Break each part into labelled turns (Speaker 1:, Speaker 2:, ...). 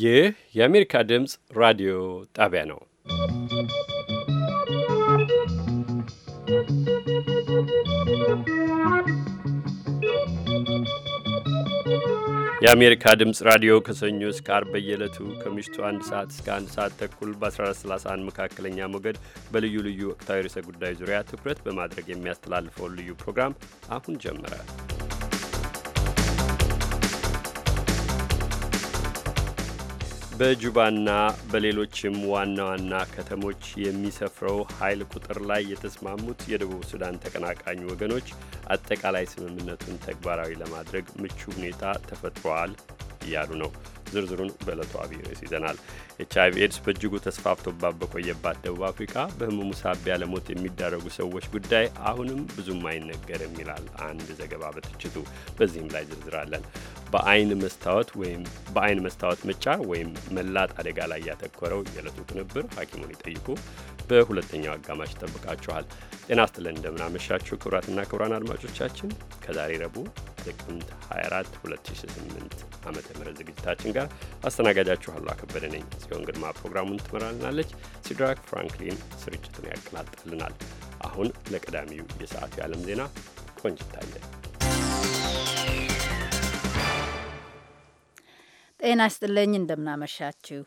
Speaker 1: ይህ የአሜሪካ ድምፅ ራዲዮ ጣቢያ ነው። የአሜሪካ ድምፅ ራዲዮ ከሰኞ እስከ አርብ በየዕለቱ ከምሽቱ አንድ ሰዓት እስከ አንድ ሰዓት ተኩል በ1431 መካከለኛ ሞገድ በልዩ ልዩ ወቅታዊ ርዕሰ ጉዳይ ዙሪያ ትኩረት በማድረግ የሚያስተላልፈውን ልዩ ፕሮግራም አሁን ጀምራል። በጁባና በሌሎችም ዋና ዋና ከተሞች የሚሰፍረው ኃይል ቁጥር ላይ የተስማሙት የደቡብ ሱዳን ተቀናቃኝ ወገኖች አጠቃላይ ስምምነቱን ተግባራዊ ለማድረግ ምቹ ሁኔታ ተፈጥሯል እያሉ ነው። ዝርዝሩን በዕለቱ አብይ ርዕስ ይዘናል። ኤች አይቪ ኤድስ በእጅጉ ተስፋፍቶባት በቆየባት ደቡብ አፍሪካ በህመሙ ሳቢያ ለሞት የሚዳረጉ ሰዎች ጉዳይ አሁንም ብዙም አይነገርም ይላል አንድ ዘገባ በትችቱ። በዚህም ላይ ዝርዝራለን። በአይን መስታወት ወይም በአይን መስታወት መጫ ወይም መላጥ አደጋ ላይ ያተኮረው የዕለቱ ቅንብር ሐኪሙን ይጠይቁ በሁለተኛው አጋማሽ ይጠብቃችኋል። ጤና ይስጥልን፣ እንደምናመሻችሁ ክቡራትና ክቡራን አድማጮቻችን ከዛሬ ረቡዕ ጥቅምት 24 2008 ዓ ም ዝግጅታችን ጋር አስተናጋጃችኋሉ አከበደ ነኝ። ጽዮን ግርማ ፕሮግራሙን ትመራልናለች። ሲድራክ ፍራንክሊን ስርጭቱን ያቀናጥልናል። አሁን ለቀዳሚው የሰዓቱ የዓለም ዜና ቆንጅ ይታያል።
Speaker 2: ጤና ይስጥልኝ፣ እንደምናመሻችሁ።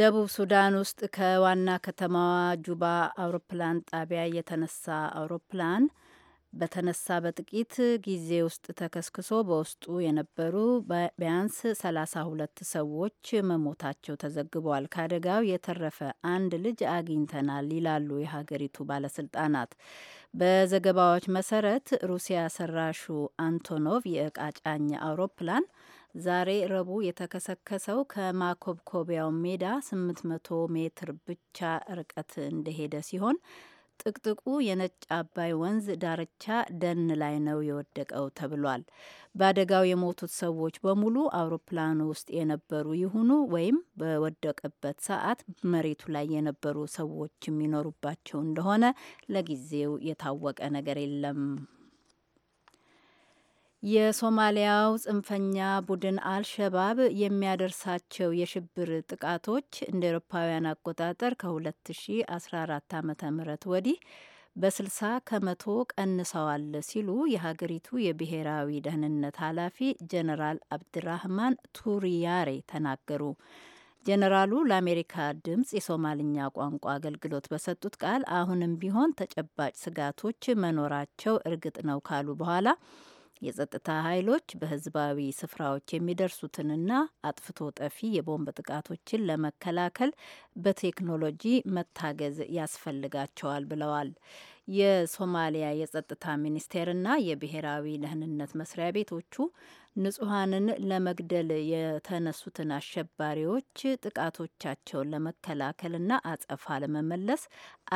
Speaker 2: ደቡብ ሱዳን ውስጥ ከዋና ከተማዋ ጁባ አውሮፕላን ጣቢያ የተነሳ አውሮፕላን በተነሳ በጥቂት ጊዜ ውስጥ ተከስክሶ በውስጡ የነበሩ ቢያንስ ሁለት ሰዎች መሞታቸው ተዘግበዋል። ከአደጋው የተረፈ አንድ ልጅ አግኝተናል ይላሉ የሀገሪቱ ባለስልጣናት። በዘገባዎች መሰረት ሩሲያ ሰራሹ አንቶኖቭ የእቃ ጫኝ አውሮፕላን ዛሬ ረቡዕ የተከሰከሰው ከማኮብኮቢያው ሜዳ 800 ሜትር ብቻ ርቀት እንደሄደ ሲሆን ጥቅጥቁ የነጭ አባይ ወንዝ ዳርቻ ደን ላይ ነው የወደቀው ተብሏል። በአደጋው የሞቱት ሰዎች በሙሉ አውሮፕላኑ ውስጥ የነበሩ ይሁኑ ወይም በወደቀበት ሰዓት መሬቱ ላይ የነበሩ ሰዎች የሚኖሩባቸው እንደሆነ ለጊዜው የታወቀ ነገር የለም። የሶማሊያው ጽንፈኛ ቡድን አልሸባብ የሚያደርሳቸው የሽብር ጥቃቶች እንደ ኤሮፓውያን አቆጣጠር ከ2014 ዓ ም ወዲህ በ60 ከመቶ ቀንሰዋል ሲሉ የሀገሪቱ የብሔራዊ ደህንነት ኃላፊ ጀነራል አብድራህማን ቱሪያሬ ተናገሩ። ጀነራሉ ለአሜሪካ ድምፅ የሶማልኛ ቋንቋ አገልግሎት በሰጡት ቃል አሁንም ቢሆን ተጨባጭ ስጋቶች መኖራቸው እርግጥ ነው ካሉ በኋላ የጸጥታ ኃይሎች በህዝባዊ ስፍራዎች የሚደርሱትንና አጥፍቶ ጠፊ የቦምብ ጥቃቶችን ለመከላከል በቴክኖሎጂ መታገዝ ያስፈልጋቸዋል ብለዋል። የሶማሊያ የጸጥታ ሚኒስቴርና የብሔራዊ ደህንነት መስሪያ ቤቶቹ ንጹሐንን ለመግደል የተነሱትን አሸባሪዎች ጥቃቶቻቸውን ለመከላከልና አጸፋ ለመመለስ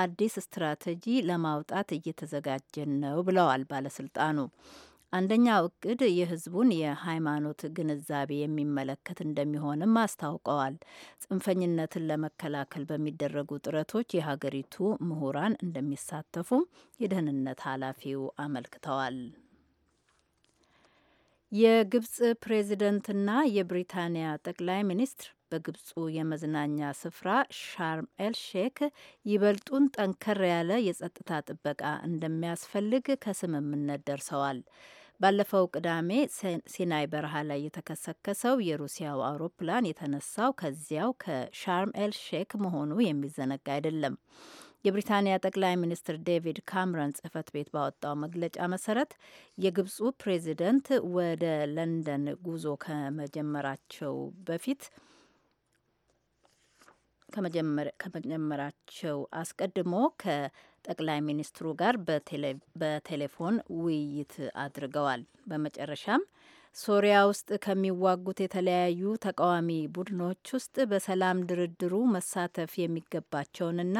Speaker 2: አዲስ ስትራቴጂ ለማውጣት እየተዘጋጀን ነው ብለዋል ባለስልጣኑ። አንደኛው እቅድ የህዝቡን የሃይማኖት ግንዛቤ የሚመለከት እንደሚሆንም አስታውቀዋል። ጽንፈኝነትን ለመከላከል በሚደረጉ ጥረቶች የሀገሪቱ ምሁራን እንደሚሳተፉም የደህንነት ኃላፊው አመልክተዋል። የግብጽ ፕሬዚደንትና የብሪታንያ ጠቅላይ ሚኒስትር በግብፁ የመዝናኛ ስፍራ ሻርም ኤል ሼክ ይበልጡን ጠንከር ያለ የጸጥታ ጥበቃ እንደሚያስፈልግ ከስምምነት ደርሰዋል። ባለፈው ቅዳሜ ሲናይ በረሃ ላይ የተከሰከሰው የሩሲያው አውሮፕላን የተነሳው ከዚያው ከሻርም ኤል ሼክ መሆኑ የሚዘነጋ አይደለም። የብሪታንያ ጠቅላይ ሚኒስትር ዴቪድ ካምረን ጽህፈት ቤት ባወጣው መግለጫ መሰረት የግብፁ ፕሬዚደንት ወደ ለንደን ጉዞ ከመጀመራቸው በፊት ከመጀመራቸው አስቀድሞ ከ ጠቅላይ ሚኒስትሩ ጋር በቴሌፎን ውይይት አድርገዋል። በመጨረሻም ሶሪያ ውስጥ ከሚዋጉት የተለያዩ ተቃዋሚ ቡድኖች ውስጥ በሰላም ድርድሩ መሳተፍ የሚገባቸውንና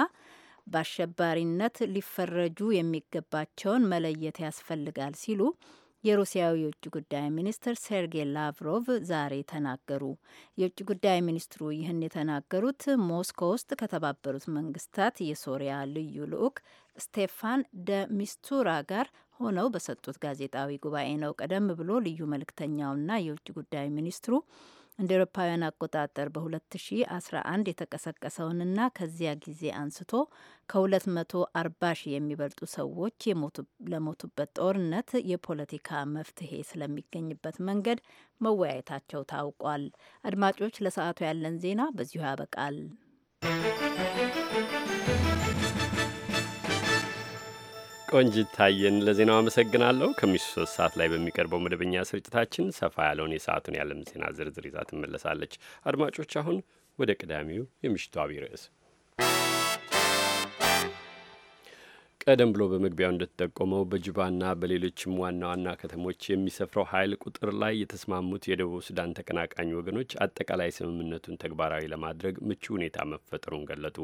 Speaker 2: በአሸባሪነት ሊፈረጁ የሚገባቸውን መለየት ያስፈልጋል ሲሉ የሩሲያው የውጭ ጉዳይ ሚኒስትር ሴርጌይ ላቭሮቭ ዛሬ ተናገሩ። የውጭ ጉዳይ ሚኒስትሩ ይህን የተናገሩት ሞስኮ ውስጥ ከተባበሩት መንግስታት የሶሪያ ልዩ ልዑክ ስቴፋን ደ ሚስቱራ ጋር ሆነው በሰጡት ጋዜጣዊ ጉባኤ ነው። ቀደም ብሎ ልዩ መልእክተኛውና የውጭ ጉዳይ ሚኒስትሩ እንደ ኤሮፓውያን አቆጣጠር በ2011 የተቀሰቀሰውንና ከዚያ ጊዜ አንስቶ ከ240 ሺህ የሚበልጡ ሰዎች ለሞቱበት ጦርነት የፖለቲካ መፍትሄ ስለሚገኝበት መንገድ መወያየታቸው ታውቋል። አድማጮች፣ ለሰዓቱ ያለን ዜና በዚሁ ያበቃል።
Speaker 1: ቆንጂት ታየን ለዜናው አመሰግናለሁ። ከምሽቱ ሶስት ሰዓት ላይ በሚቀርበው መደበኛ ስርጭታችን ሰፋ ያለውን የሰዓቱን የዓለም ዜና ዝርዝር ይዛ ትመለሳለች። አድማጮች፣ አሁን ወደ ቀዳሚው የምሽቱ አብይ ርዕስ ቀደም ብሎ በመግቢያው እንደተጠቆመው በጁባና በሌሎችም ዋና ዋና ከተሞች የሚሰፍረው ኃይል ቁጥር ላይ የተስማሙት የደቡብ ሱዳን ተቀናቃኝ ወገኖች አጠቃላይ ስምምነቱን ተግባራዊ ለማድረግ ምቹ ሁኔታ መፈጠሩን ገለጡ።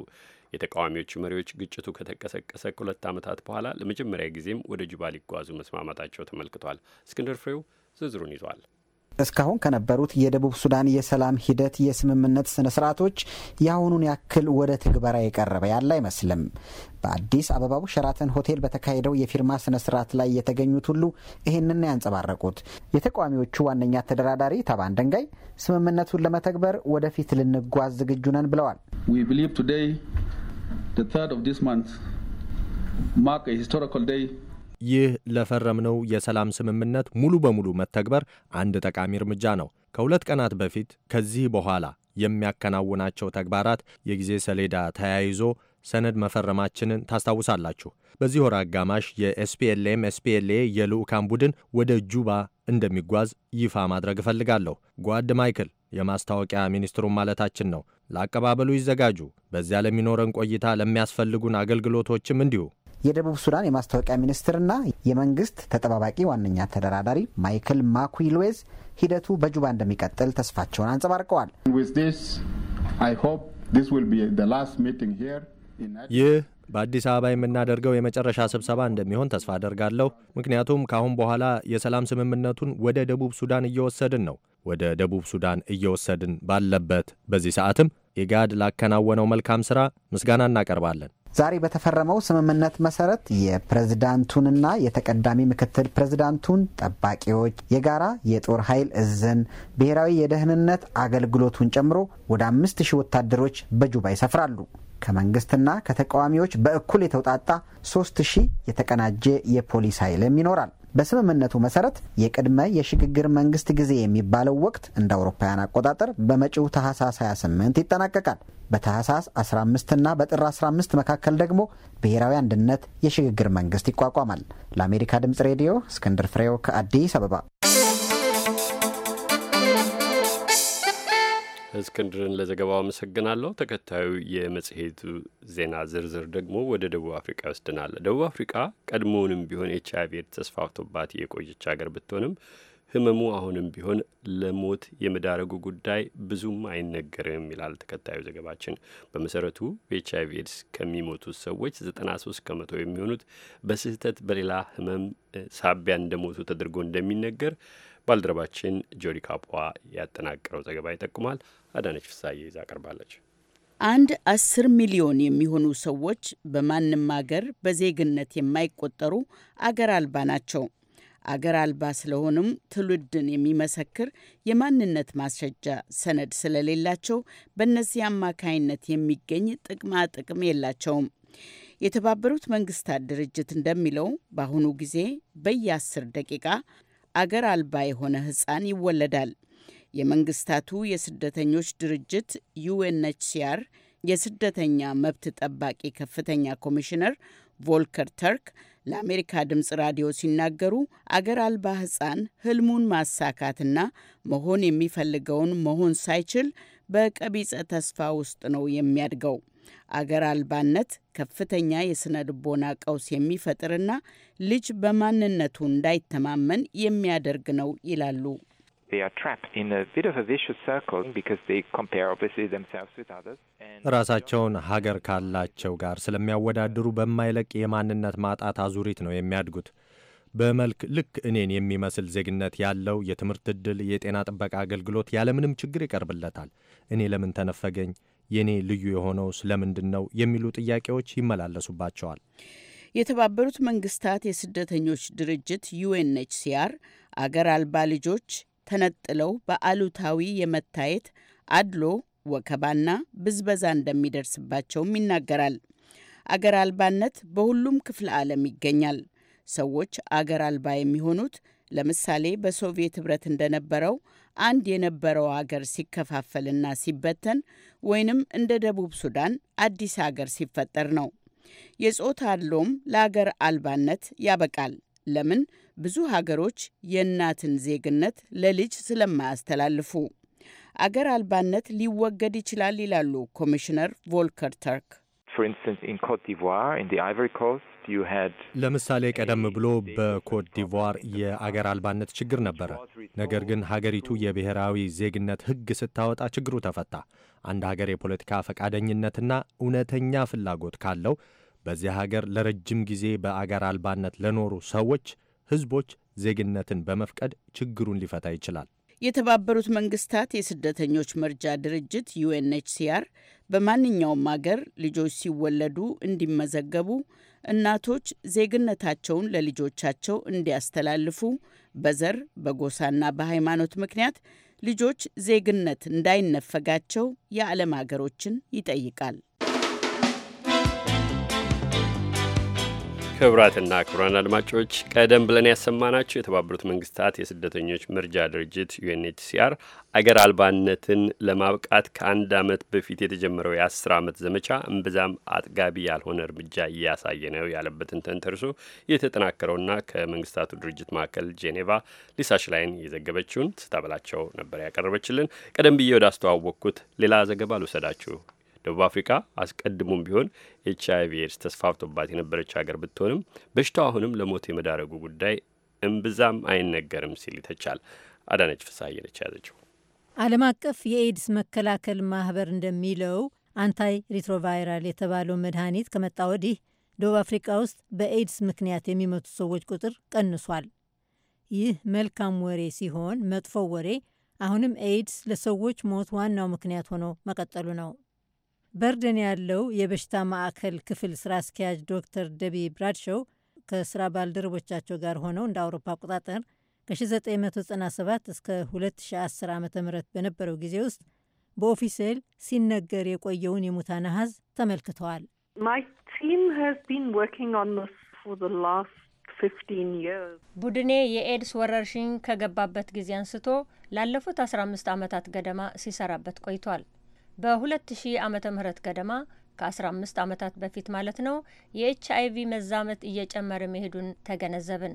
Speaker 1: የተቃዋሚዎቹ መሪዎች ግጭቱ ከተቀሰቀሰ ከሁለት ዓመታት በኋላ ለመጀመሪያ ጊዜም ወደ ጁባ ሊጓዙ መስማማታቸው ተመልክቷል። እስክንድር ፍሬው ዝርዝሩን ይዟል።
Speaker 3: እስካሁን ከነበሩት የደቡብ ሱዳን የሰላም ሂደት የስምምነት ስነ ስርዓቶች የአሁኑን ያክል ወደ ትግበራ የቀረበ ያለ አይመስልም። በአዲስ አበባው ሸራተን ሆቴል በተካሄደው የፊርማ ስነ ስርዓት ላይ የተገኙት ሁሉ ይህንን ያንጸባረቁት የተቃዋሚዎቹ ዋነኛ ተደራዳሪ ታባን ደንጋይ ስምምነቱን ለመተግበር ወደፊት
Speaker 4: ልንጓዝ ዝግጁ ነን ብለዋል። ዊ ይህ ለፈረምነው የሰላም ስምምነት ሙሉ በሙሉ መተግበር አንድ ጠቃሚ እርምጃ ነው። ከሁለት ቀናት በፊት ከዚህ በኋላ የሚያከናውናቸው ተግባራት የጊዜ ሰሌዳ ተያይዞ ሰነድ መፈረማችንን ታስታውሳላችሁ። በዚህ ወር አጋማሽ የኤስፒኤልኤም ኤስፒኤልኤ የልዑካን ቡድን ወደ ጁባ እንደሚጓዝ ይፋ ማድረግ እፈልጋለሁ። ጓድ ማይክል የማስታወቂያ ሚኒስትሩን ማለታችን ነው። ለአቀባበሉ ይዘጋጁ። በዚያ ለሚኖረን ቆይታ ለሚያስፈልጉን አገልግሎቶችም እንዲሁ
Speaker 3: የደቡብ ሱዳን የማስታወቂያ ሚኒስትርና የመንግስት ተጠባባቂ ዋነኛ ተደራዳሪ ማይክል ማኩልዌዝ ሂደቱ በጁባ እንደሚቀጥል ተስፋቸውን አንጸባርቀዋል።
Speaker 4: ይህ በአዲስ አበባ የምናደርገው የመጨረሻ ስብሰባ እንደሚሆን ተስፋ አደርጋለሁ። ምክንያቱም ከአሁን በኋላ የሰላም ስምምነቱን ወደ ደቡብ ሱዳን እየወሰድን ነው። ወደ ደቡብ ሱዳን እየወሰድን ባለበት በዚህ ሰዓትም ኢጋድ ላከናወነው መልካም ሥራ ምስጋና እናቀርባለን። ዛሬ በተፈረመው
Speaker 3: ስምምነት መሰረት የፕሬዝዳንቱንና የተቀዳሚ ምክትል ፕሬዝዳንቱን ጠባቂዎች፣ የጋራ የጦር ኃይል እዝን፣ ብሔራዊ የደህንነት አገልግሎቱን ጨምሮ ወደ አምስት ሺህ ወታደሮች በጁባ ይሰፍራሉ። ከመንግስትና ከተቃዋሚዎች በእኩል የተውጣጣ ሶስት ሺህ የተቀናጀ የፖሊስ ኃይልም ይኖራል። በስምምነቱ መሰረት የቅድመ የሽግግር መንግስት ጊዜ የሚባለው ወቅት እንደ አውሮፓውያን አቆጣጠር በመጪው ታህሳስ 28 ይጠናቀቃል። በታህሳስ 15ና በጥር 15 መካከል ደግሞ ብሔራዊ አንድነት የሽግግር መንግስት ይቋቋማል። ለአሜሪካ ድምፅ ሬዲዮ እስክንድር ፍሬው ከአዲስ አበባ
Speaker 1: እስክንድርን ለዘገባው አመሰግናለሁ። ተከታዩ የመጽሔቱ ዜና ዝርዝር ደግሞ ወደ ደቡብ አፍሪቃ ይወስደናል። ደቡብ አፍሪቃ ቀድሞውንም ቢሆን ኤች አይቪ ኤድስ ተስፋፍቶባት የቆየች ሀገር ብትሆንም ህመሙ አሁንም ቢሆን ለሞት የመዳረጉ ጉዳይ ብዙም አይነገርም ይላል ተከታዩ ዘገባችን። በመሰረቱ በኤች አይቪ ኤድስ ከሚሞቱት ሰዎች 93 ከመቶ የሚሆኑት በስህተት በሌላ ህመም ሳቢያ እንደሞቱ ተደርጎ እንደሚነገር ባልደረባችን ጆዲ ካፖ ያጠናቀረው ዘገባ ይጠቁማል። አዳነች ፍሳዬ ይዛ ቀርባለች።
Speaker 5: አንድ አስር ሚሊዮን የሚሆኑ ሰዎች በማንም አገር በዜግነት የማይቆጠሩ አገር አልባ ናቸው። አገር አልባ ስለሆኑም ትውልድን የሚመሰክር የማንነት ማስረጃ ሰነድ ስለሌላቸው በእነዚህ አማካይነት የሚገኝ ጥቅማ ጥቅም የላቸውም። የተባበሩት መንግስታት ድርጅት እንደሚለው በአሁኑ ጊዜ በየአስር ደቂቃ አገር አልባ የሆነ ህፃን ይወለዳል። የመንግስታቱ የስደተኞች ድርጅት ዩኤንኤችሲአር የስደተኛ መብት ጠባቂ ከፍተኛ ኮሚሽነር ቮልከር ተርክ ለአሜሪካ ድምፅ ራዲዮ ሲናገሩ አገር አልባ ህፃን ህልሙን ማሳካትና መሆን የሚፈልገውን መሆን ሳይችል በቀቢፀ ተስፋ ውስጥ ነው የሚያድገው። አገር አልባነት ከፍተኛ የሥነ ልቦና ቀውስ የሚፈጥርና ልጅ በማንነቱ እንዳይተማመን የሚያደርግ
Speaker 6: ነው ይላሉ።
Speaker 4: ራሳቸውን ሀገር ካላቸው ጋር ስለሚያወዳድሩ በማይለቅ የማንነት ማጣት አዙሪት ነው የሚያድጉት። በመልክ ልክ እኔን የሚመስል ዜግነት ያለው የትምህርት ዕድል፣ የጤና ጥበቃ አገልግሎት ያለምንም ችግር ይቀርብለታል። እኔ ለምን ተነፈገኝ? የኔ ልዩ የሆነው ስለምንድን ነው የሚሉ ጥያቄዎች ይመላለሱባቸዋል።
Speaker 5: የተባበሩት መንግስታት የስደተኞች ድርጅት ዩኤንኤችሲአር አገር አልባ ልጆች ተነጥለው በአሉታዊ የመታየት አድሎ፣ ወከባና ብዝበዛ እንደሚደርስባቸውም ይናገራል። አገር አልባነት በሁሉም ክፍለ ዓለም ይገኛል። ሰዎች አገር አልባ የሚሆኑት ለምሳሌ በሶቪየት ህብረት እንደነበረው አንድ የነበረው አገር ሲከፋፈልና ሲበተን ወይንም እንደ ደቡብ ሱዳን አዲስ አገር ሲፈጠር ነው። የጾታ አድሎም ለአገር አልባነት ያበቃል። ለምን? ብዙ ሀገሮች የእናትን ዜግነት ለልጅ ስለማያስተላልፉ። አገር አልባነት ሊወገድ ይችላል ይላሉ ኮሚሽነር ቮልከር ተርክ።
Speaker 4: ለምሳሌ ቀደም ብሎ በኮት ዲቯር የአገር አልባነት ችግር ነበረ። ነገር ግን ሀገሪቱ የብሔራዊ ዜግነት ሕግ ስታወጣ ችግሩ ተፈታ። አንድ ሀገር የፖለቲካ ፈቃደኝነትና እውነተኛ ፍላጎት ካለው በዚህ ሀገር ለረጅም ጊዜ በአገር አልባነት ለኖሩ ሰዎች፣ ህዝቦች ዜግነትን በመፍቀድ ችግሩን ሊፈታ ይችላል።
Speaker 5: የተባበሩት መንግስታት የስደተኞች መርጃ ድርጅት ዩኤንኤችሲአር በማንኛውም አገር ልጆች ሲወለዱ እንዲመዘገቡ እናቶች ዜግነታቸውን ለልጆቻቸው እንዲያስተላልፉ በዘር በጎሳና በሃይማኖት ምክንያት ልጆች ዜግነት እንዳይነፈጋቸው የዓለም ሀገሮችን ይጠይቃል።
Speaker 1: ክቡራትና ክቡራን አድማጮች ቀደም ብለን ያሰማናቸው የተባበሩት መንግስታት የስደተኞች መርጃ ድርጅት ዩኤንኤችሲአር አገር አልባነትን ለማብቃት ከአንድ ዓመት በፊት የተጀመረው የአስር ዓመት ዘመቻ እምብዛም አጥጋቢ ያልሆነ እርምጃ እያሳየ ነው ያለበትን ተንተርሶ የተጠናከረውና ከመንግስታቱ ድርጅት ማዕከል ጄኔቫ ሊሳሽ ላይን የዘገበችውን ስታበላቸው ነበር ያቀረበችልን። ቀደም ብዬ ወደ አስተዋወቅኩት ሌላ ዘገባ ልውሰዳችሁ። ደቡብ አፍሪካ አስቀድሞም ቢሆን ኤች አይቪ ኤድስ ተስፋፍቶባት የነበረች ሀገር ብትሆንም በሽታው አሁንም ለሞት የመዳረጉ ጉዳይ እምብዛም አይነገርም ሲል ይተቻል። አዳነች ፍስሐዬ ነች ያዘችው።
Speaker 7: ዓለም አቀፍ የኤድስ መከላከል ማህበር እንደሚለው አንታይ ሪትሮቫይራል የተባለው መድኃኒት ከመጣ ወዲህ ደቡብ አፍሪካ ውስጥ በኤድስ ምክንያት የሚመቱ ሰዎች ቁጥር ቀንሷል። ይህ መልካም ወሬ ሲሆን፣ መጥፎ ወሬ አሁንም ኤድስ ለሰዎች ሞት ዋናው ምክንያት ሆኖ መቀጠሉ ነው። በርደን ያለው የበሽታ ማዕከል ክፍል ስራ አስኪያጅ ዶክተር ደቢ ብራድሾው ከስራ ባልደረቦቻቸው ጋር ሆነው እንደ አውሮፓ አቆጣጠር ከ1997 እስከ 2010 ዓ ም በነበረው ጊዜ ውስጥ በኦፊሴል ሲነገር የቆየውን የሙታ አሃዝ ተመልክተዋል።
Speaker 8: ቡድኔ የኤድስ ወረርሽኝ ከገባበት ጊዜ አንስቶ ላለፉት 15 ዓመታት ገደማ ሲሰራበት ቆይቷል። በ2000 ዓመተ ምህረት ገደማ ከ15 ዓመታት በፊት ማለት ነው የኤች አይቪ መዛመት እየጨመረ መሄዱን ተገነዘብን።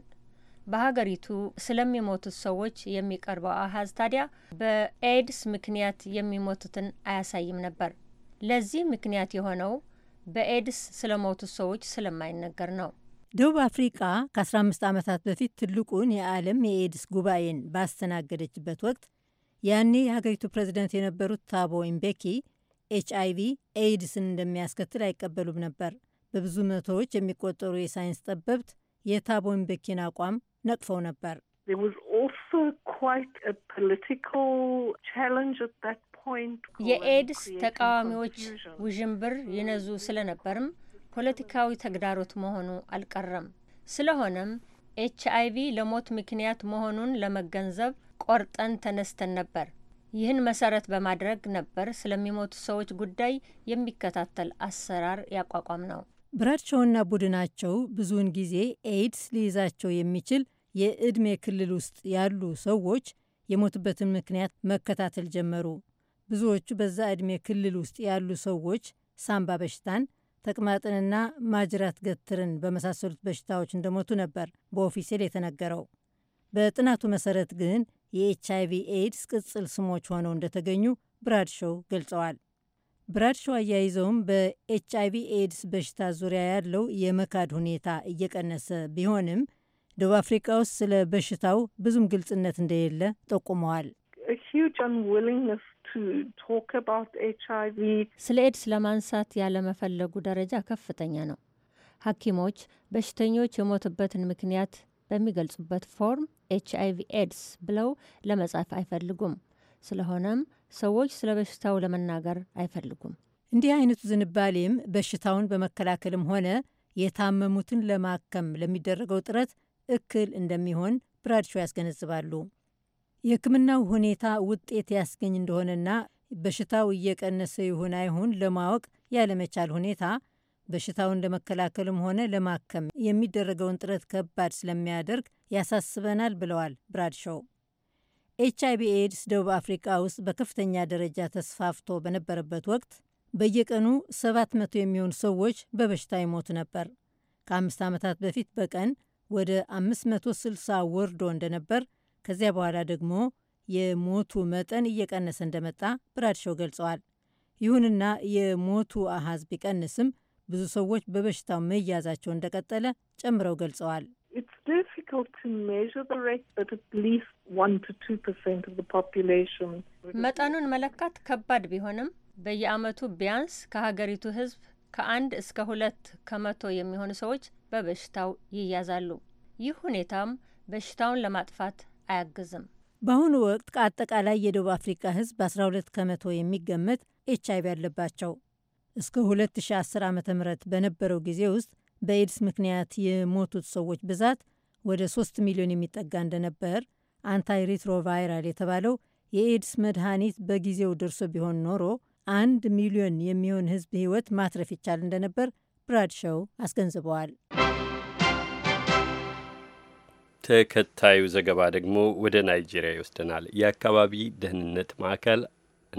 Speaker 8: በሀገሪቱ ስለሚሞቱት ሰዎች የሚቀርበው አሀዝ ታዲያ በኤድስ ምክንያት የሚሞቱትን አያሳይም ነበር። ለዚህ ምክንያት የሆነው በኤድስ ስለሞቱት ሰዎች ስለማይነገር
Speaker 7: ነው። ደቡብ አፍሪቃ ከ15 ዓመታት በፊት ትልቁን የዓለም የኤድስ ጉባኤን ባስተናገደችበት ወቅት ያኔ የሀገሪቱ ፕሬዚደንት የነበሩት ታቦ ኢምቤኪ ኤች ቪ ኤይድስን እንደሚያስከትል አይቀበሉም ነበር። በብዙ መቶዎች የሚቆጠሩ የሳይንስ ጠበብት የታቦ ኢምቤኪን አቋም ነቅፈው ነበር።
Speaker 6: የኤድስ
Speaker 8: ተቃዋሚዎች ውዥንብር ይነዙ ስለነበርም ፖለቲካዊ ተግዳሮት መሆኑ አልቀረም። ስለሆነም ኤች ቪ ለሞት ምክንያት መሆኑን ለመገንዘብ ቆርጠን ተነስተን ነበር። ይህን መሰረት በማድረግ ነበር ስለሚሞቱ ሰዎች ጉዳይ የሚከታተል አሰራር ያቋቋም ነው።
Speaker 7: ብራድሾውና ቡድናቸው ብዙውን ጊዜ ኤድስ ሊይዛቸው የሚችል የዕድሜ ክልል ውስጥ ያሉ ሰዎች የሞቱበትን ምክንያት መከታተል ጀመሩ። ብዙዎቹ በዛ ዕድሜ ክልል ውስጥ ያሉ ሰዎች ሳምባ በሽታን፣ ተቅማጥንና ማጅራት ገትርን በመሳሰሉት በሽታዎች እንደሞቱ ነበር በኦፊሴል የተነገረው። በጥናቱ መሰረት ግን የኤች አይቪ ኤድስ ቅጽል ስሞች ሆነው እንደተገኙ ብራድሾው ገልጸዋል። ብራድሾው አያይዘውም በኤች አይቪ ኤድስ በሽታ ዙሪያ ያለው የመካድ ሁኔታ እየቀነሰ ቢሆንም ደቡብ አፍሪካ ውስጥ ስለ በሽታው ብዙም ግልጽነት እንደሌለ ጠቁመዋል።
Speaker 8: ስለ ኤድስ ለማንሳት ያለመፈለጉ ደረጃ ከፍተኛ ነው። ሐኪሞች በሽተኞች የሞትበትን ምክንያት በሚገልጹበት ፎርም ኤች አይቪ ኤድስ ብለው ለመጻፍ አይፈልጉም። ስለሆነም ሰዎች ስለ በሽታው ለመናገር አይፈልጉም።
Speaker 7: እንዲህ አይነቱ ዝንባሌም በሽታውን በመከላከልም ሆነ የታመሙትን ለማከም ለሚደረገው ጥረት እክል እንደሚሆን ብራድሾ ያስገነዝባሉ። የሕክምናው ሁኔታ ውጤት ያስገኝ እንደሆነና በሽታው እየቀነሰ ይሁን አይሁን ለማወቅ ያለመቻል ሁኔታ በሽታውን ለመከላከልም ሆነ ለማከም የሚደረገውን ጥረት ከባድ ስለሚያደርግ ያሳስበናል ብለዋል ብራድሾው። ኤች አይቪ ኤድስ ደቡብ አፍሪካ ውስጥ በከፍተኛ ደረጃ ተስፋፍቶ በነበረበት ወቅት በየቀኑ 700 የሚሆኑ ሰዎች በበሽታው ይሞቱ ነበር። ከአምስት ዓመታት በፊት በቀን ወደ 560 ወርዶ እንደነበር፣ ከዚያ በኋላ ደግሞ የሞቱ መጠን እየቀነሰ እንደመጣ ብራድሾው ገልጸዋል። ይሁንና የሞቱ አሃዝ ቢቀንስም ብዙ ሰዎች በበሽታው መያዛቸው እንደቀጠለ ጨምረው ገልጸዋል።
Speaker 8: መጠኑን መለካት ከባድ ቢሆንም በየዓመቱ ቢያንስ ከሀገሪቱ ሕዝብ ከአንድ እስከ ሁለት ከመቶ የሚሆኑ ሰዎች በበሽታው ይያዛሉ። ይህ ሁኔታም በሽታውን ለማጥፋት አያግዝም።
Speaker 7: በአሁኑ ወቅት ከአጠቃላይ የደቡብ አፍሪካ ሕዝብ በ12 ከመቶ የሚገመት ኤች አይቪ አለባቸው። እስከ 2010 ዓ ም በነበረው ጊዜ ውስጥ በኤድስ ምክንያት የሞቱት ሰዎች ብዛት ወደ 3 ሚሊዮን የሚጠጋ እንደነበር አንታይ ሪትሮቫይራል የተባለው የኤድስ መድኃኒት በጊዜው ደርሶ ቢሆን ኖሮ አንድ ሚሊዮን የሚሆን ህዝብ ህይወት ማትረፍ ይቻል እንደነበር ብራድሸው አስገንዝበዋል።
Speaker 1: ተከታዩ ዘገባ ደግሞ ወደ ናይጄሪያ ይወስደናል። የአካባቢ ደህንነት ማዕከል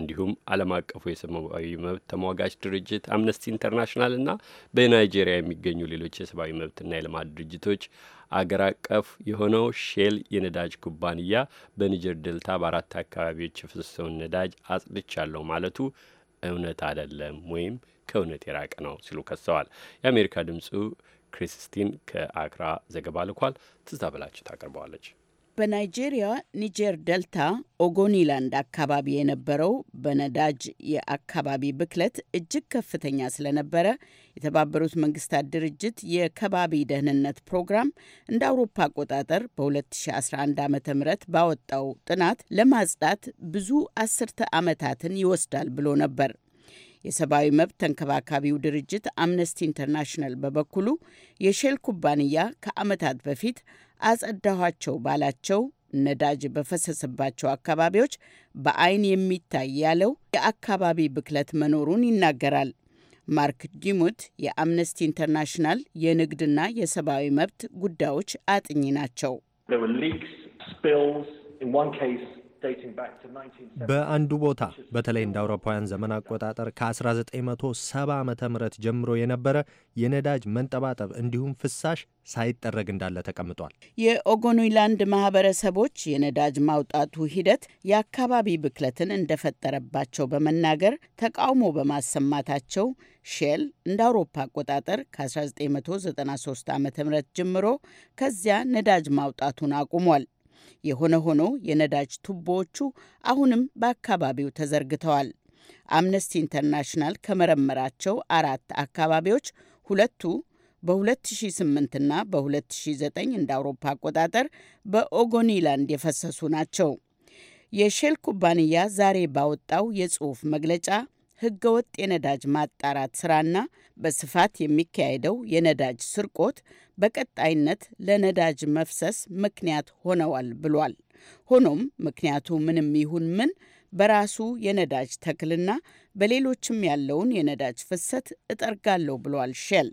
Speaker 1: እንዲሁም ዓለም አቀፉ የሰብአዊ መብት ተሟጋች ድርጅት አምነስቲ ኢንተርናሽናል እና በናይጄሪያ የሚገኙ ሌሎች የሰብአዊ መብትና የልማት ድርጅቶች አገር አቀፍ የሆነው ሼል የነዳጅ ኩባንያ በኒጀር ደልታ በአራት አካባቢዎች የፈሰሰውን ነዳጅ አጽድቻለሁ ማለቱ እውነት አይደለም ወይም ከእውነት የራቀ ነው ሲሉ ከሰዋል። የአሜሪካ ድምፁ ክሪስቲን ከአክራ ዘገባ ልኳል። ትዝታ በላቸው ታቀርበዋለች።
Speaker 5: በናይጄሪያ ኒጀር ደልታ ኦጎኒላንድ አካባቢ የነበረው በነዳጅ የአካባቢ ብክለት እጅግ ከፍተኛ ስለነበረ የተባበሩት መንግስታት ድርጅት የከባቢ ደህንነት ፕሮግራም እንደ አውሮፓ አቆጣጠር በ2011 ዓ ም ባወጣው ጥናት ለማጽዳት ብዙ አስርተ ዓመታትን ይወስዳል ብሎ ነበር። የሰብአዊ መብት ተንከባካቢው ድርጅት አምነስቲ ኢንተርናሽናል በበኩሉ የሼል ኩባንያ ከዓመታት በፊት አጸዳኋቸው ባላቸው ነዳጅ በፈሰሰባቸው አካባቢዎች በአይን የሚታይ ያለው የአካባቢ ብክለት መኖሩን ይናገራል። ማርክ ዲሙት የአምነስቲ ኢንተርናሽናል የንግድና የሰብአዊ መብት ጉዳዮች አጥኚ ናቸው።
Speaker 6: በአንዱ
Speaker 4: ቦታ በተለይ እንደ አውሮፓውያን ዘመን አቆጣጠር ከ1970 ዓ ም ጀምሮ የነበረ የነዳጅ መንጠባጠብ እንዲሁም ፍሳሽ ሳይጠረግ እንዳለ ተቀምጧል።
Speaker 5: የኦጎኒላንድ ማህበረሰቦች የነዳጅ ማውጣቱ ሂደት የአካባቢ ብክለትን እንደፈጠረባቸው በመናገር ተቃውሞ በማሰማታቸው ሼል እንደ አውሮፓ አቆጣጠር ከ1993 ዓ ም ጀምሮ ከዚያ ነዳጅ ማውጣቱን አቁሟል። የሆነ ሆኖ የነዳጅ ቱቦዎቹ አሁንም በአካባቢው ተዘርግተዋል። አምነስቲ ኢንተርናሽናል ከመረመራቸው አራት አካባቢዎች ሁለቱ በ2008 ና በ2009 እንደ አውሮፓ አቆጣጠር በኦጎኒላንድ የፈሰሱ ናቸው። የሼል ኩባንያ ዛሬ ባወጣው የጽሑፍ መግለጫ ህገወጥ የነዳጅ ማጣራት ስራና በስፋት የሚካሄደው የነዳጅ ስርቆት በቀጣይነት ለነዳጅ መፍሰስ ምክንያት ሆነዋል ብሏል። ሆኖም ምክንያቱ ምንም ይሁን ምን በራሱ የነዳጅ ተክልና በሌሎችም ያለውን የነዳጅ ፍሰት እጠርጋለሁ ብሏል ሼል።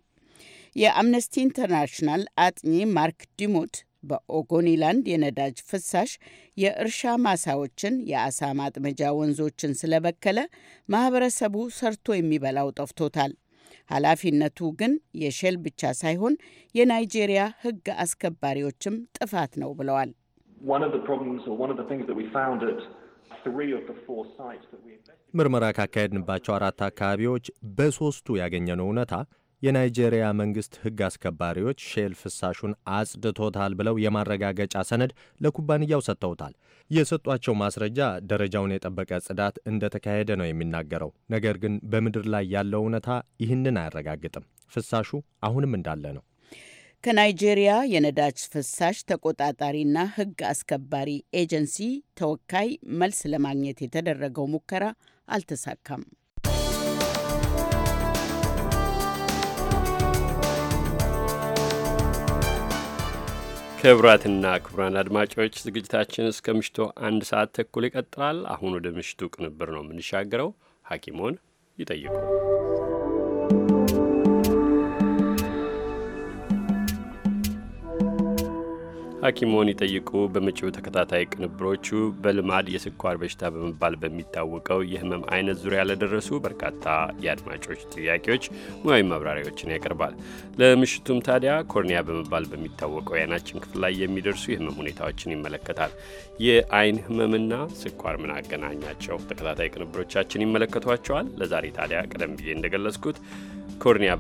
Speaker 5: የአምነስቲ ኢንተርናሽናል አጥኚ ማርክ ዲሙት በኦጎኒላንድ የነዳጅ ፍሳሽ የእርሻ ማሳዎችን፣ የአሳ ማጥመጃ ወንዞችን ስለበከለ ማህበረሰቡ ሰርቶ የሚበላው ጠፍቶታል። ኃላፊነቱ ግን የሼል ብቻ ሳይሆን የናይጄሪያ ሕግ አስከባሪዎችም ጥፋት ነው ብለዋል።
Speaker 4: ምርመራ ካካሄድንባቸው አራት አካባቢዎች በሶስቱ ያገኘነው እውነታ የናይጄሪያ መንግሥት ሕግ አስከባሪዎች ሼል ፍሳሹን አጽድቶታል ብለው የማረጋገጫ ሰነድ ለኩባንያው ሰጥተውታል። የሰጧቸው ማስረጃ ደረጃውን የጠበቀ ጽዳት እንደተካሄደ ነው የሚናገረው። ነገር ግን በምድር ላይ ያለው እውነታ ይህንን አያረጋግጥም። ፍሳሹ አሁንም እንዳለ ነው።
Speaker 5: ከናይጄሪያ የነዳጅ ፍሳሽ ተቆጣጣሪና ሕግ አስከባሪ ኤጀንሲ ተወካይ መልስ ለማግኘት የተደረገው ሙከራ አልተሳካም።
Speaker 1: ክቡራትና ክቡራን አድማጮች ዝግጅታችን እስከ ምሽቱ አንድ ሰዓት ተኩል ይቀጥላል። አሁን ወደ ምሽቱ ቅንብር ነው የምንሻገረው። ሐኪሞን ይጠይቁ ሐኪሞን ይጠይቁ በመጪው ተከታታይ ቅንብሮቹ በልማድ የስኳር በሽታ በመባል በሚታወቀው የህመም አይነት ዙሪያ ለደረሱ በርካታ የአድማጮች ጥያቄዎች ሙያዊ ማብራሪያዎችን ያቀርባል። ለምሽቱም ታዲያ ኮርኒያ በመባል በሚታወቀው የአይናችን ክፍል ላይ የሚደርሱ የህመም ሁኔታዎችን ይመለከታል። የአይን ህመምና ስኳር ምን አገናኛቸው? ተከታታይ ቅንብሮቻችን ይመለከቷቸዋል። ለዛሬ ታዲያ ቀደም ብዬ እንደገለጽኩት ኮርኒያ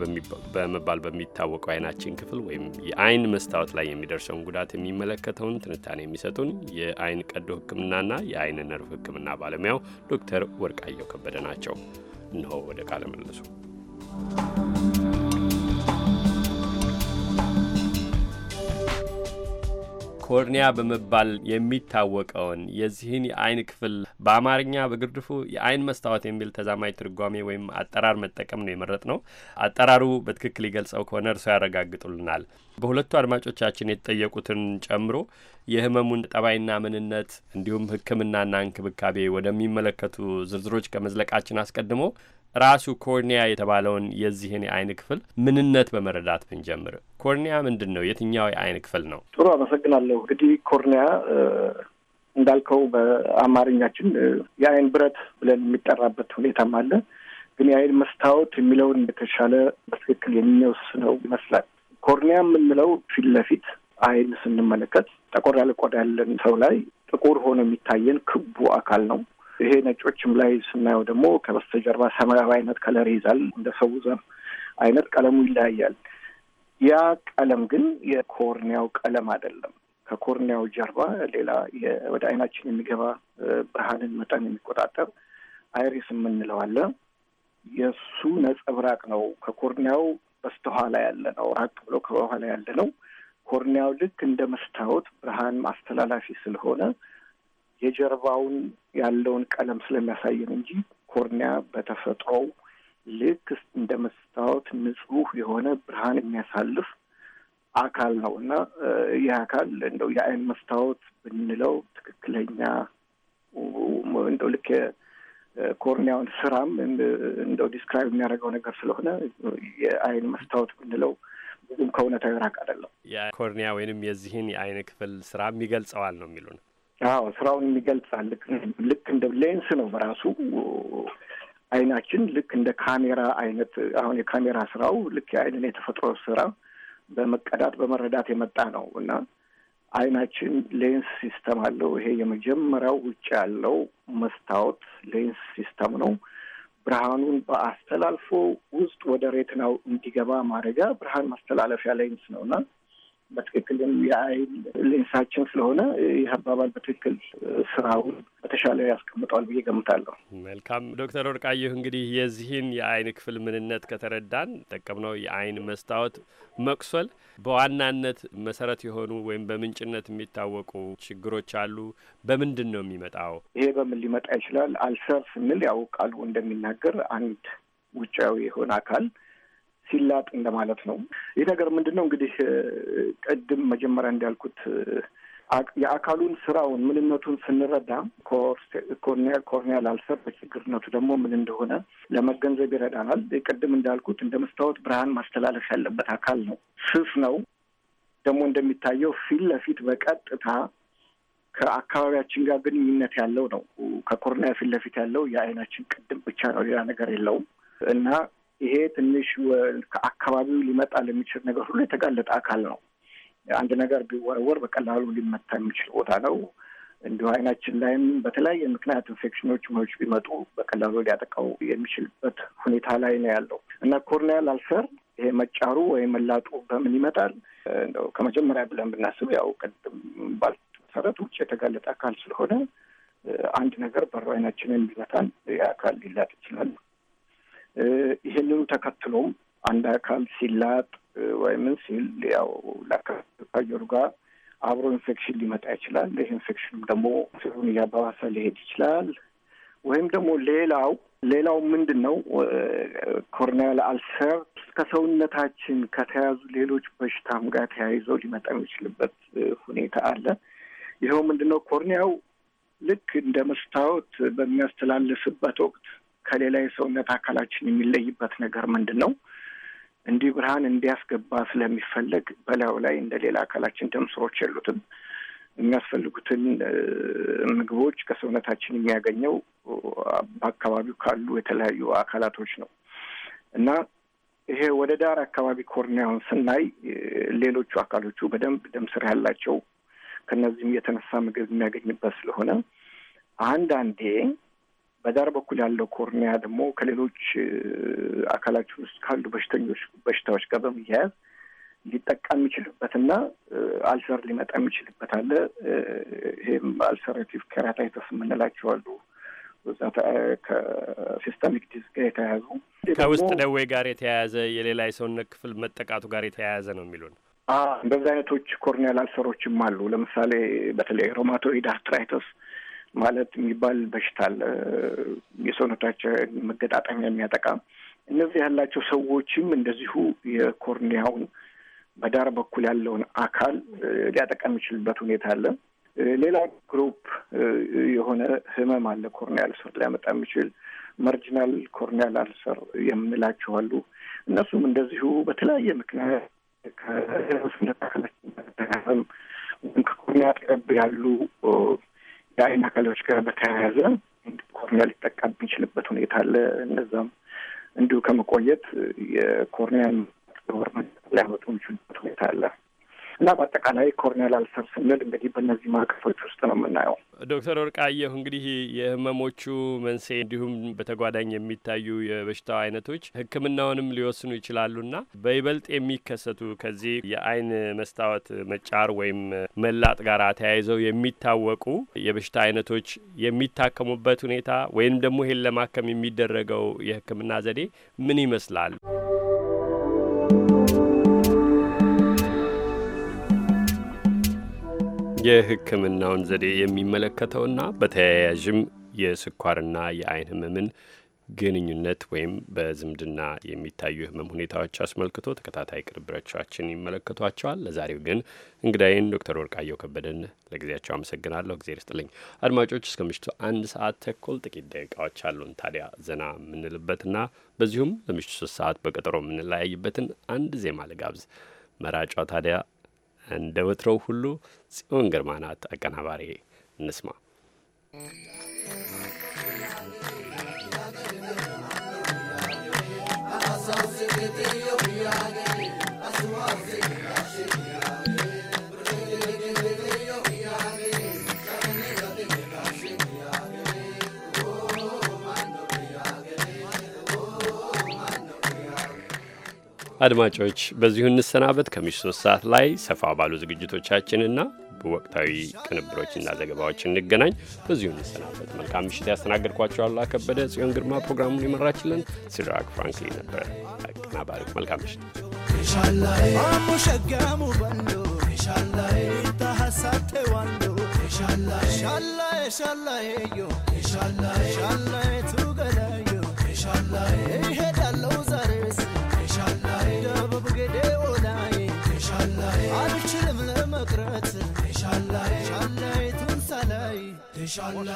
Speaker 1: በመባል በሚታወቀው አይናችን ክፍል ወይም የአይን መስታወት ላይ የሚደርሰውን ጉዳት የሚ የሚመለከተውን ትንታኔ የሚሰጡን የአይን ቀዶ ህክምናና የአይን ነርቭ ህክምና ባለሙያው ዶክተር ወርቃየው ከበደ ናቸው። እነሆ ወደ ቃለ you. ኮርኒያ በመባል የሚታወቀውን የዚህን የአይን ክፍል በአማርኛ በግርድፉ የአይን መስታወት የሚል ተዛማጅ ትርጓሜ ወይም አጠራር መጠቀም ነው የመረጥ ነው። አጠራሩ በትክክል ይገልጸው ከሆነ እርሶ ያረጋግጡልናል። በሁለቱ አድማጮቻችን የተጠየቁትን ጨምሮ የህመሙን ጠባይና ምንነት እንዲሁም ሕክምናና እንክብካቤ ወደሚመለከቱ ዝርዝሮች ከመዝለቃችን አስቀድሞ ራሱ ኮርኒያ የተባለውን የዚህን የአይን ክፍል ምንነት በመረዳት ብንጀምር፣ ኮርኒያ ምንድን ነው? የትኛው የአይን ክፍል ነው?
Speaker 6: ጥሩ አመሰግናለሁ። እንግዲህ ኮርኒያ እንዳልከው በአማርኛችን የአይን ብረት ብለን የሚጠራበት ሁኔታም አለ። ግን የአይን መስታወት የሚለውን የተሻለ በትክክል የሚወስነው ይመስላል። ኮርኒያ የምንለው ፊት ለፊት አይን ስንመለከት ጠቆር ያለ ቆዳ ያለን ሰው ላይ ጥቁር ሆኖ የሚታየን ክቡ አካል ነው። ይሄ ነጮችም ላይ ስናየው ደግሞ ከበስተጀርባ ሰማያዊ አይነት ከለር ይዛል። እንደ ሰው ዘር አይነት ቀለሙ ይለያያል። ያ ቀለም ግን የኮርኒያው ቀለም አይደለም። ከኮርኒያው ጀርባ ሌላ ወደ አይናችን የሚገባ ብርሃንን መጠን የሚቆጣጠር አይሪስ የምንለው አለ። የእሱ ነጸብራቅ ነው። ከኮርኒያው በስተኋላ ያለ ነው፣ ራቅ ብሎ ከኋላ ያለ ነው። ኮርኒያው ልክ እንደ መስታወት ብርሃን ማስተላላፊ ስለሆነ የጀርባውን ያለውን ቀለም ስለሚያሳየን እንጂ ኮርኒያ በተፈጥሮው ልክ እንደ መስታወት ንጹህ የሆነ ብርሃን የሚያሳልፍ አካል ነው እና ይህ አካል እንደው የአይን መስታወት ብንለው ትክክለኛ እንደው ልክ የኮርኒያውን ስራም እንደው ዲስክራይብ የሚያደርገው ነገር ስለሆነ የአይን መስታወት ብንለው ብዙም ከእውነታዊ ራቅ አይደለም።
Speaker 1: የኮርኒያ ወይንም የዚህን የአይን ክፍል ስራም ይገልጸዋል ነው የሚሉን
Speaker 6: አዎ ስራውን የሚገልጻል። ልክ እንደ ሌንስ ነው በራሱ አይናችን ልክ እንደ ካሜራ አይነት አሁን የካሜራ ስራው ልክ የአይንን የተፈጥሮ ስራ በመቀዳት በመረዳት የመጣ ነው እና አይናችን ሌንስ ሲስተም አለው። ይሄ የመጀመሪያው ውጭ ያለው መስታወት ሌንስ ሲስተም ነው። ብርሃኑን በአስተላልፎ ውስጥ ወደ ሬትናው እንዲገባ ማድረጊያ ብርሃን ማስተላለፊያ ሌንስ ነው እና በትክክል የአይን ሌንሳችን ስለሆነ ይህ አባባል በትክክል ስራውን በተሻለ ያስቀምጠዋል ብዬ ገምታለሁ።
Speaker 1: መልካም ዶክተር ወርቃየሁ እንግዲህ የዚህን የአይን ክፍል ምንነት ከተረዳን ጠቀምነው የአይን መስታወት መቁሰል በዋናነት መሰረት የሆኑ ወይም በምንጭነት የሚታወቁ ችግሮች አሉ። በምንድን ነው የሚመጣው?
Speaker 6: ይሄ በምን ሊመጣ ይችላል? አልሰር ስንል ያው ቃሉ እንደሚናገር አንድ ውጫዊ የሆነ አካል ሲላጥ እንደማለት ነው። ይህ ነገር ምንድን ነው እንግዲህ ቅድም መጀመሪያ እንዳልኩት የአካሉን ስራውን ምንነቱን ስንረዳ ኮርኔል ኮርኔል አልሰር በችግርነቱ ደግሞ ምን እንደሆነ ለመገንዘብ ይረዳናል። ቅድም እንዳልኩት እንደ መስታወት ብርሃን ማስተላለፍ ያለበት አካል ነው። ስስ ነው ደግሞ እንደሚታየው ፊት ለፊት በቀጥታ ከአካባቢያችን ጋር ግንኙነት ያለው ነው። ከኮርኒያ ፊት ለፊት ያለው የአይናችን ቅድም ብቻ ነው፣ ሌላ ነገር የለውም እና ይሄ ትንሽ ከአካባቢው ሊመጣ ለሚችል ነገር ሁሉ የተጋለጠ አካል ነው። አንድ ነገር ቢወረወር በቀላሉ ሊመታ የሚችል ቦታ ነው። እንዲሁ አይናችን ላይም በተለያየ ምክንያት ኢንፌክሽኖች ሞች ቢመጡ በቀላሉ ሊያጠቃው የሚችልበት ሁኔታ ላይ ነው ያለው እና ኮርኒያል አልሰር ይሄ መጫሩ ወይም መላጡ በምን ይመጣል? እንደው ከመጀመሪያ ብለን ብናስብ ያው ቅድም ባልኩት ውጭ የተጋለጠ አካል ስለሆነ አንድ ነገር በሩ አይናችንን ቢመታን የአካል ሊላጥ ይችላል። ይህንኑ ተከትሎም አንድ አካል ሲላጥ ወይምን ሲል ያው ከአየሩ ጋር አብሮ ኢንፌክሽን ሊመጣ ይችላል። ይህ ኢንፌክሽንም ደግሞ ሲሆን እያባባሰ ሊሄድ ይችላል። ወይም ደግሞ ሌላው ሌላው ምንድን ነው ኮርኒያል አልሰር ከሰውነታችን ከተያዙ ሌሎች በሽታም ጋር ተያይዘው ሊመጣ የሚችልበት ሁኔታ አለ። ይኸው ምንድን ነው ኮርኒያው ልክ እንደ መስታወት በሚያስተላልፍበት ወቅት ከሌላ የሰውነት አካላችን የሚለይበት ነገር ምንድን ነው? እንዲህ ብርሃን እንዲያስገባ ስለሚፈለግ በላዩ ላይ እንደ ሌላ አካላችን ደም ስሮች የሉትም። የሚያስፈልጉትን ምግቦች ከሰውነታችን የሚያገኘው በአካባቢው ካሉ የተለያዩ አካላቶች ነው እና ይሄ ወደ ዳር አካባቢ ኮርኒያውን ስናይ ሌሎቹ አካሎቹ በደንብ ደም ስር ያላቸው ከነዚህም የተነሳ ምግብ የሚያገኝበት ስለሆነ አንዳንዴ በዳር በኩል ያለው ኮርኒያ ደግሞ ከሌሎች አካላችን ውስጥ ካሉ በሽተኞች በሽታዎች ጋር በመያያዝ ሊጠቃ የሚችልበት እና አልሰር ሊመጣ የሚችልበት አለ። ይህም አልሰርቲቭ ከራታይተስ የምንላቸው አሉ። ከሲስተሚክ ዲዝ ጋር የተያያዙ
Speaker 1: ከውስጥ ደዌ ጋር የተያያዘ የሌላ የሰውነት ክፍል መጠቃቱ ጋር የተያያዘ ነው የሚሉን
Speaker 6: እንደዚህ አይነቶች ኮርኒያል አልሰሮችም አሉ። ለምሳሌ በተለይ ሮማቶይድ አርትራይተስ ማለት የሚባል በሽታ አለ፣ የሰውነታችን መገጣጠሚያ የሚያጠቃ እነዚህ ያላቸው ሰዎችም እንደዚሁ የኮርኒያውን በዳር በኩል ያለውን አካል ሊያጠቃ የሚችልበት ሁኔታ አለ። ሌላ ግሩፕ የሆነ ህመም አለ፣ ኮርኒያል ሰር ሊያመጣ የሚችል መርጂናል ኮርኒያል አልሰር የምንላቸው አሉ። እነሱም እንደዚሁ በተለያየ ምክንያት ከሰውነት አካላችን ወይም ከኮርኒያ አጠገብ ያሉ የአይን አካሎች ጋር በተያያዘ ኮርኒያ ሊጠቃም የሚችልበት ሁኔታ አለ። እነዛም እንዲሁ ከመቆየት የኮርኒያን ሊያመጡ የሚችልበት ሁኔታ አለ። እና በአጠቃላይ ኮርኒያል አልሰር ስንል እንግዲህ በእነዚህ ማዕቀፎች ውስጥ ነው የምናየው።
Speaker 1: ዶክተር ወርቃየሁ እንግዲህ የህመሞቹ መንስኤ እንዲሁም በተጓዳኝ የሚታዩ የበሽታው አይነቶች ህክምናውንም ሊወስኑ ይችላሉና በይበልጥ የሚከሰቱ ከዚህ የአይን መስታወት መጫር ወይም መላጥ ጋር ተያይዘው የሚታወቁ የበሽታ አይነቶች የሚታከሙበት ሁኔታ ወይም ደግሞ ይህን ለማከም የሚደረገው የህክምና ዘዴ ምን ይመስላል? የሕክምናውን ዘዴ የሚመለከተውና በተያያዥም የስኳርና የአይን ህመምን ግንኙነት ወይም በዝምድና የሚታዩ ህመም ሁኔታዎች አስመልክቶ ተከታታይ ቅርብረቻችን ይመለከቷቸዋል። ለዛሬው ግን እንግዳይን ዶክተር ወርቃየሁ ከበደን ለጊዜያቸው አመሰግናለሁ። ጊዜ ርስጥልኝ አድማጮች እስከ ምሽቱ አንድ ሰዓት ተኩል ጥቂት ደቂቃዎች አሉን። ታዲያ ዘና የምንልበትና በዚሁም ለምሽቱ ሶስት ሰዓት በቀጠሮ የምንለያይበትን አንድ ዜማ ልጋብዝ። መራጯ ታዲያ እንደ ወትሮው ሁሉ ጽዮን ግርማ ናት አቀናባሪ። እንስማ አድማጮች በዚሁ እንሰናበት። ከምሽቱ ሶስት ሰዓት ላይ ሰፋ ባሉ ዝግጅቶቻችንና ወቅታዊ ቅንብሮችና ዘገባዎች እንገናኝ። በዚሁ እንሰናበት። መልካም ምሽት። ያስተናገድኳቸው አሉላ ከበደ፣ ጽዮን ግርማ ፕሮግራሙን የመራችልን ሲድራክ ፍራንክሊ ነበረ አቀናባሪ። መልካም ምሽት። ሻላ
Speaker 4: ሻላ ሻላ ان شاء الله